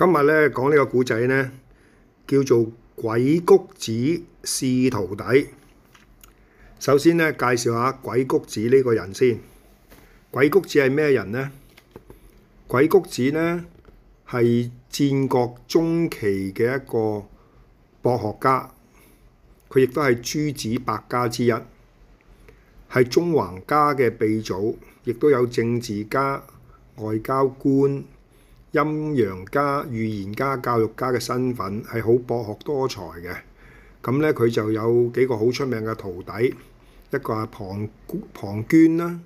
今日咧講呢講個古仔咧，叫做《鬼谷子試徒弟》。首先咧，介紹下鬼谷子呢個人先。鬼谷子係咩人咧？鬼谷子咧係戰國中期嘅一個博學家，佢亦都係諸子百家之一，係縱橫家嘅鼻祖，亦都有政治家、外交官。陰陽家、預言家、教育家嘅身份，係好博學多才嘅。咁咧佢就有幾個好出名嘅徒弟，一個係龐龐涓啦，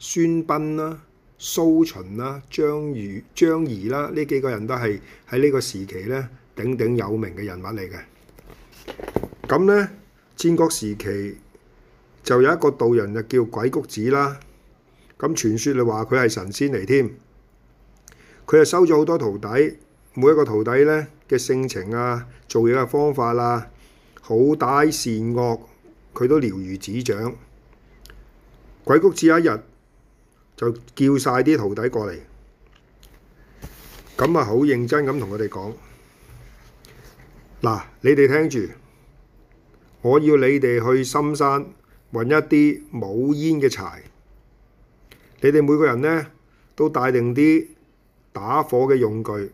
孫臏啦，蘇秦啦，張瑜張儀啦，呢幾個人都係喺呢個時期咧鼎鼎有名嘅人物嚟嘅。咁咧，戰國時期就有一個道人就叫鬼谷子啦，咁傳説你話佢係神仙嚟添。佢又收咗好多徒弟，每一個徒弟咧嘅性情啊、做嘢嘅方法啊，好歹善惡，佢都了如指掌。鬼谷子一日就叫晒啲徒弟過嚟，咁啊好認真咁同佢哋講：嗱，你哋聽住，我要你哋去深山揾一啲冇煙嘅柴，你哋每個人咧都帶定啲打火嘅用具，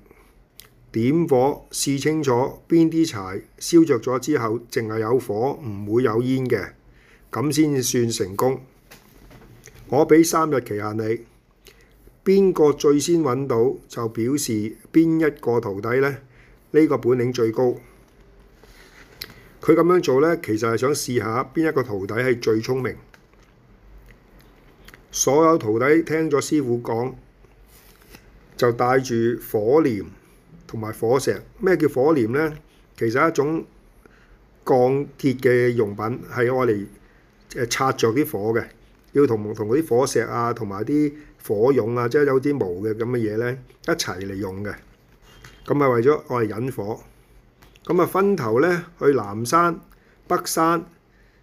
點火，試清楚邊啲柴燒着咗之後，淨係有火唔會有煙嘅，咁先算成功。我俾三日期限你，邊個最先揾到就表示邊一個徒弟呢，呢，呢個本領最高。佢咁樣做呢，其實係想試下邊一個徒弟係最聰明。所有徒弟聽咗師傅講。就帶住火鐮同埋火石。咩叫火鐮呢？其實一種鋼鐵嘅用品，係我嚟誒擦著啲火嘅。要同同啲火石啊，同埋啲火絨啊，即係有啲毛嘅咁嘅嘢呢，一齊嚟用嘅。咁係為咗我係引火。咁啊，分頭呢去南山、北山，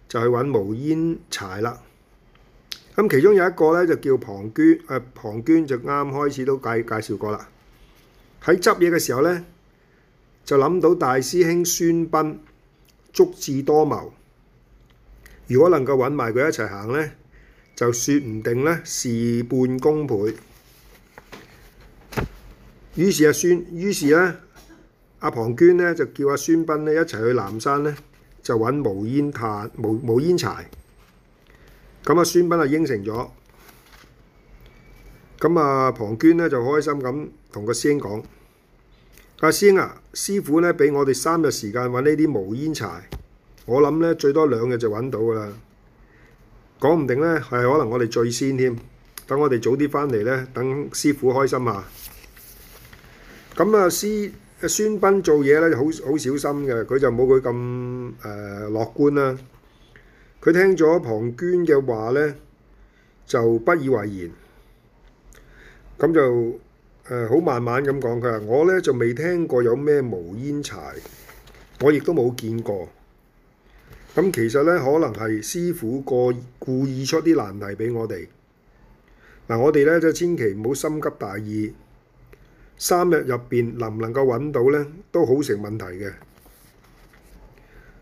就去揾無煙柴啦。咁其中有一個咧就叫龐涓，誒、呃、龐涓就啱開始都介介紹過啦。喺執嘢嘅時候咧，就諗到大師兄孫斌足智多謀，如果能夠揾埋佢一齊行咧，就説唔定咧事半功倍。於是阿孫，於是咧阿龐涓咧就叫阿孫斌咧一齊去南山咧，就揾無煙炭、無無煙柴。咁啊，孫斌啊應承咗。咁啊，龐涓咧就開心咁同個師兄講：阿師兄啊，師傅咧俾我哋三日時間揾呢啲無煙柴，我諗咧最多兩日就揾到噶啦。講唔定咧係可能我哋最先添，等我哋早啲翻嚟咧，等師傅開心下。咁啊，師阿孫斌做嘢咧好好小心嘅，佢就冇佢咁誒樂觀啦。佢聽咗龐涓嘅話咧，就不以為然。咁就誒好、呃、慢慢咁講，佢話我咧就未聽過有咩無煙柴，我亦都冇見過。咁其實咧可能係師傅過故意出啲難題俾我哋。嗱，我哋咧就千祈唔好心急大意。三日入邊能唔能夠揾到咧，都好成問題嘅。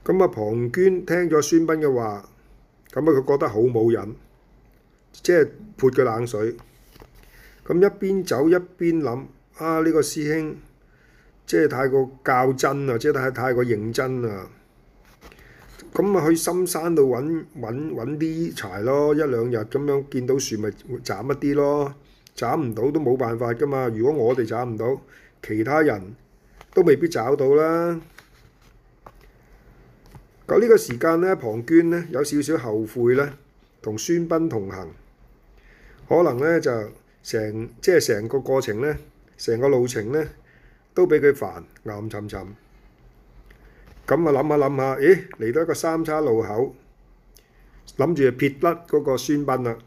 咁阿龐涓聽咗孫斌嘅話。咁啊！佢覺得好冇癮，即係潑佢冷水。咁一邊走一邊諗，啊呢個師兄，即係太過較真啊！即係太太過認真啊！咁啊去深山度揾揾啲柴咯，一兩日咁樣見到樹咪斬一啲咯。斬唔到都冇辦法噶嘛。如果我哋斬唔到，其他人都未必找到啦。有呢個時間咧，龐涓咧有少少後悔咧，同孫斌同行，可能咧就成即係成個過程咧，成個路程咧都俾佢煩，暗沉沉。咁啊諗下諗下，咦，嚟到一個三叉路口，諗住撇甩嗰個孫斌啦。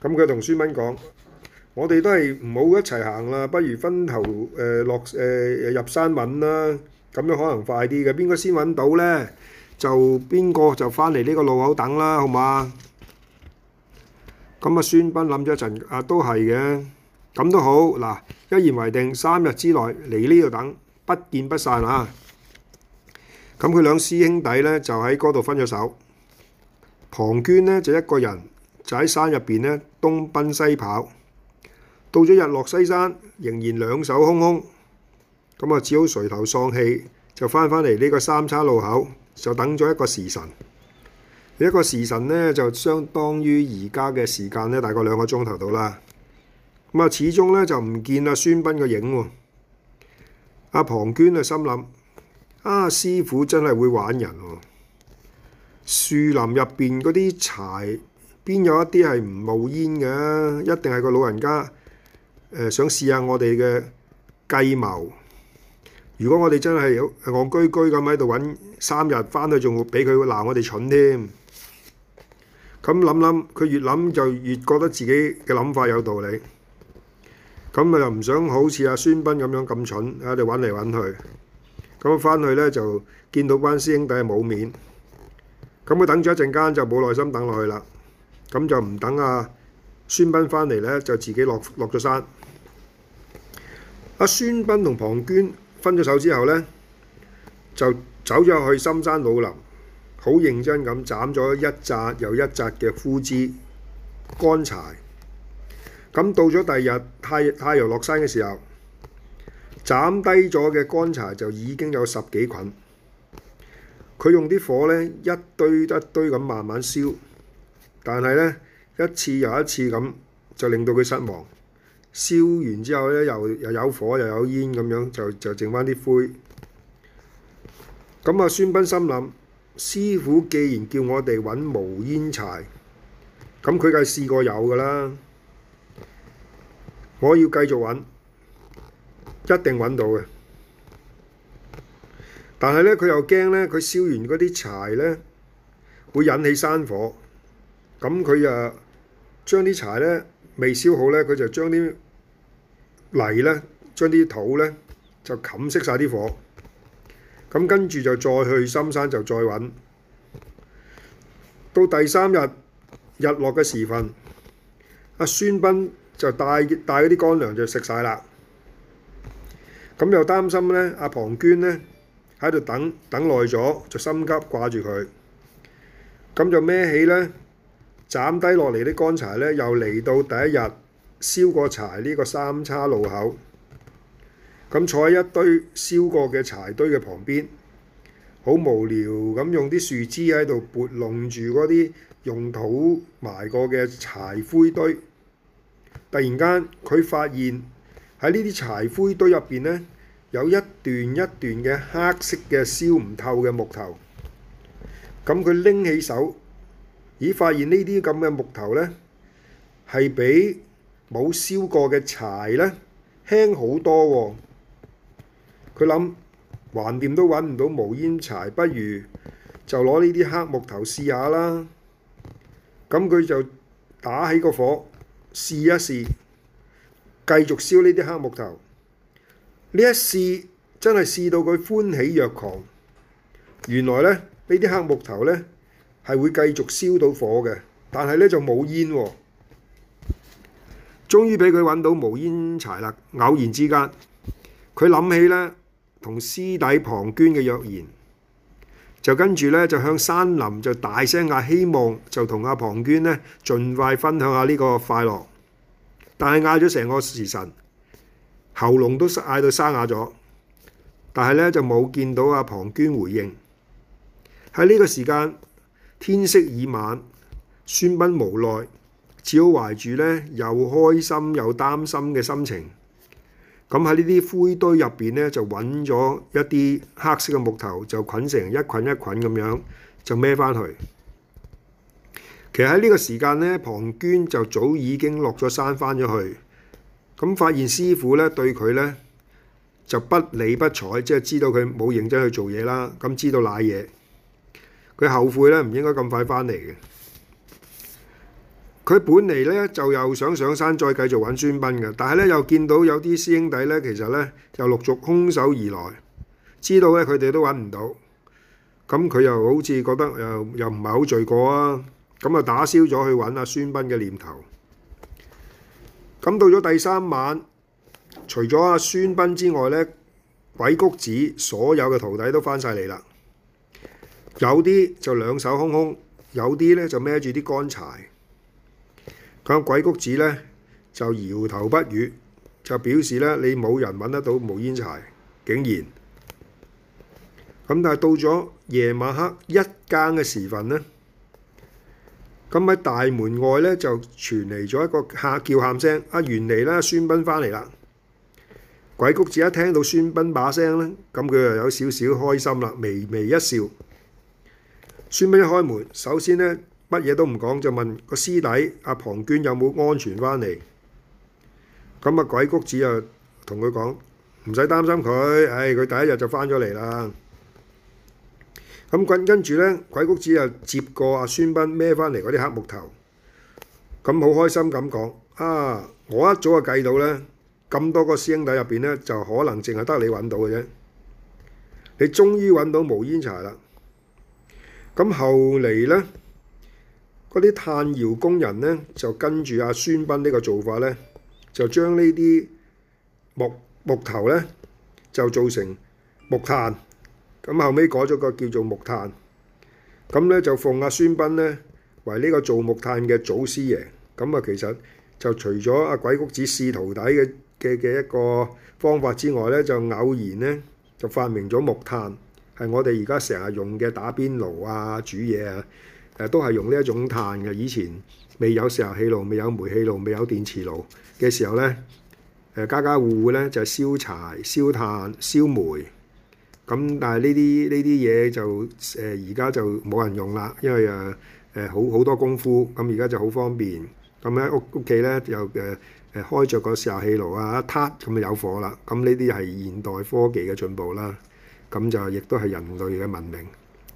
咁佢同孫斌講：我哋都係唔好一齊行啦，不如分頭誒、呃、落誒、呃、入山揾啦，咁樣可能快啲嘅，邊個先揾到咧？就邊個就翻嚟呢個路口等啦，好嘛？咁啊，孫斌諗咗一陣，啊都係嘅，咁都好嗱，一言為定，三日之內嚟呢度等，不見不散啊！咁佢兩師兄弟咧就喺嗰度分咗手，龐涓呢，就一個人就喺山入邊咧東奔西跑，到咗日落西山，仍然兩手空空，咁啊，只好垂頭喪氣就翻返嚟呢個三叉路口。就等咗一個時辰，一個時辰咧就相當於而家嘅時間咧，大概兩個鐘頭到啦。咁啊，始終咧就唔見阿孫斌個影喎。阿龐涓啊，心諗：啊，師傅真係會玩人喎、啊！樹林入邊嗰啲柴邊有一啲係唔冒煙嘅，一定係個老人家誒、呃、想試下我哋嘅計謀。如果我哋真係好戇居居咁喺度揾三日，翻去仲會俾佢鬧我哋蠢添。咁諗諗，佢越諗就越覺得自己嘅諗法有道理。咁咪又唔想好似阿孫斌咁樣咁蠢喺度揾嚟揾去。咁翻去咧就見到班師兄弟冇面。咁佢等咗一陣間就冇耐心等落去啦。咁就唔等阿孫斌翻嚟咧，就自己落落咗山。阿孫斌同龐涓，分咗手之後呢，就走咗去深山老林，好認真咁斬咗一紮又一紮嘅枯枝乾柴。咁到咗第二日，太太陽落山嘅時候，斬低咗嘅乾柴就已經有十幾捆。佢用啲火呢，一堆一堆咁慢慢燒，但係呢，一次又一次咁就令到佢失望。燒完之後咧，又又有火又有煙咁樣，就就剩翻啲灰。咁啊，孫斌心諗：師傅既然叫我哋揾無煙柴，咁佢梗係試過有噶啦。我要繼續揾，一定揾到嘅。但係咧，佢又驚咧，佢燒完嗰啲柴咧會引起山火。咁佢啊，將啲柴咧未燒好咧，佢就將啲。泥咧，將啲土咧就冚熄晒啲火。咁跟住就再去深山就再揾。到第三日日落嘅時分，阿孫斌就帶帶啲乾糧就食晒啦。咁又擔心咧，阿龐涓咧喺度等等耐咗就心急掛住佢。咁就孭起咧，斬低落嚟啲乾柴咧，又嚟到第一日燒過柴呢個三叉路口，咁坐喺一堆燒過嘅柴堆嘅旁邊，好無聊咁用啲樹枝喺度撥弄住嗰啲用土埋過嘅柴灰堆。突然間佢發現喺呢啲柴灰堆入邊呢，有一段一段嘅黑色嘅燒唔透嘅木頭，咁佢拎起手，咦？發現呢啲咁嘅木頭呢，係俾冇燒過嘅柴呢，輕好多喎、哦。佢諗橫掂都揾唔到無煙柴，不如就攞呢啲黑木頭試下啦。咁佢就打起個火試一試，繼續燒呢啲黑木頭。呢一試真係試到佢歡喜若狂。原來呢，呢啲黑木頭呢，係會繼續燒到火嘅，但係呢就冇煙喎、哦。終於俾佢揾到無煙柴啦！偶然之間，佢諗起咧同師弟龐涓嘅約言，就跟住咧就向山林就大聲嗌，希望就同阿、啊、龐涓咧盡快分享下呢個快樂。但係嗌咗成個時辰，喉嚨都嗌到沙啞咗，但係咧就冇見到阿、啊、龐涓回應。喺呢個時間，天色已晚，孫斌無奈。只好懷住咧又開心又擔心嘅心情，咁喺呢啲灰堆入邊咧就揾咗一啲黑色嘅木頭，就捆成一捆一捆咁樣，就孭翻去。其實喺呢個時間咧，龐涓就早已經落咗山翻咗去，咁發現師傅咧對佢咧就不理不睬，即係知道佢冇認真去做嘢啦，咁知道賴嘢，佢後悔咧唔應該咁快翻嚟嘅。佢本嚟咧就又想上山再繼續揾孫斌嘅，但係咧又見到有啲師兄弟咧，其實咧又陸續空手而來，知道咧佢哋都揾唔到，咁佢又好似覺得又唔係好罪過啊，咁啊打消咗去揾阿孫斌嘅念頭。咁到咗第三晚，除咗阿孫斌之外咧，鬼谷子所有嘅徒弟都翻晒嚟啦。有啲就兩手空空，有啲咧就孭住啲乾柴。咁鬼谷子呢就搖頭不語，就表示呢你冇人揾得到無煙柴，竟然咁。但係到咗夜晚黑一更嘅時分呢，咁喺大門外呢就傳嚟咗一個喊叫喊聲。啊，原嚟呢孫斌返嚟啦！鬼谷子一聽到孫斌把聲呢，咁佢就有少少開心啦，微微一笑。孫斌一開門，首先呢，乜嘢都唔講，就問個師弟阿龐涓有冇安全返嚟咁啊？鬼谷子啊，同佢講唔使擔心佢，唉，佢第一日就返咗嚟啦。咁跟跟住咧，鬼谷子又接過阿孫斌孭返嚟嗰啲黑木頭，咁好開心咁講啊！我一早就計到咧，咁多個師兄弟入邊咧，就可能淨係得你揾到嘅啫。你終於揾到無煙柴啦。咁後嚟咧？嗰啲炭窯工人咧，就跟住阿、啊、孫斌呢個做法咧，就將呢啲木木頭咧，就做成木炭。咁後尾改咗個叫做木炭。咁咧就奉阿、啊、孫斌咧為呢個做木炭嘅祖師爺。咁啊，其實就除咗阿、啊、鬼谷子試徒弟嘅嘅嘅一個方法之外咧，就偶然咧就發明咗木炭，係我哋而家成日用嘅打邊爐啊、煮嘢啊。誒都係用呢一種碳嘅。以前未有石油氣爐、未有煤氣爐、未有電磁爐嘅時候咧，誒家家戶戶咧就係、燒柴、燒炭、燒煤。咁但係呢啲呢啲嘢就誒而家就冇人用啦，因為誒誒、呃、好好多功夫。咁而家就好方便。咁喺屋屋企咧又誒誒開著個石油氣爐啊，一撻咁就有火啦。咁呢啲係現代科技嘅進步啦。咁就亦都係人類嘅文明。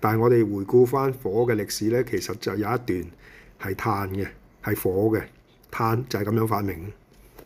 但係我哋回顧翻火嘅歷史咧，其實就有一段係炭嘅，係火嘅，炭就係咁樣發明。